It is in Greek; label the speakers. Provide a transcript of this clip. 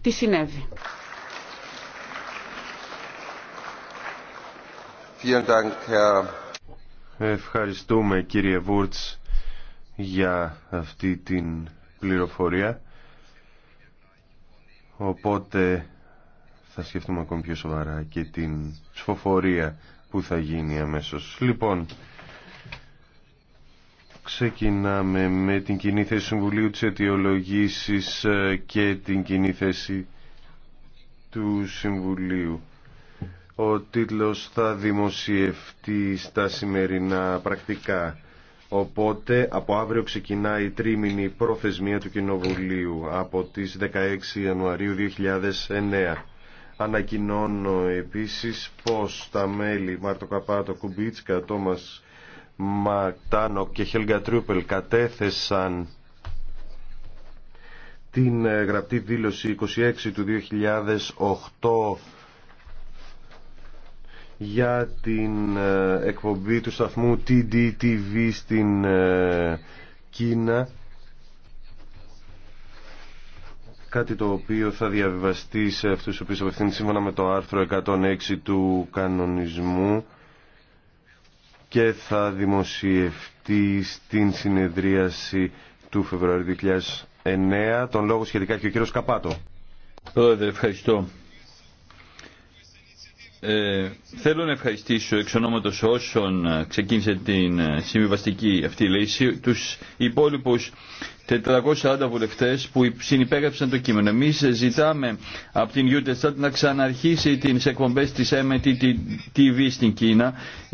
Speaker 1: τι συνέβη. Ευχαριστούμε κύριε Βούρτς για αυτή την πληροφορία. Οπότε θα σκεφτούμε ακόμη πιο σοβαρά και την σφοφορία που θα γίνει αμέσως. Λοιπόν, Ξεκινάμε με την κοινή θέση Συμβουλίου της Αιτιολογήσης ε, και την κοινή θέση του Συμβουλίου. Ο τίτλος θα δημοσιευτεί στα σημερινά πρακτικά. Οπότε από αύριο ξεκινάει η τρίμηνη προθεσμία του Κοινοβουλίου από τις 16 Ιανουαρίου 2009. Ανακοινώνω επίσης πως τα μέλη Μαρτοκαπάτο Κουμπίτσκα, Τόμας μακτάνο και Χέλγκα Τρούπελ κατέθεσαν την ε, γραπτή δήλωση 26 του 2008 για την ε, εκπομπή του σταθμού TDTV στην ε, Κίνα κάτι το οποίο θα διαβιβαστεί σε αυτούς που οποίους σύμφωνα με το άρθρο 106 του κανονισμού και θα δημοσιευτεί στην συνεδρίαση του Φεβρουαρίου 2009. Τον λόγο σχετικά και ο κύριος Καπάτο. Πρόεδρε, ευχαριστώ. Ε, θέλω
Speaker 2: να ευχαριστήσω εξ ονόματος όσων ε, ξεκίνησε την ε, συμβιβαστική αυτή λύση τους υπόλοιπους 440 βουλευτές που συνυπέγραψαν το κείμενο. Εμεί ζητάμε από την UTSAT να ξαναρχίσει τις εκπομπές της MTTV στην Κίνα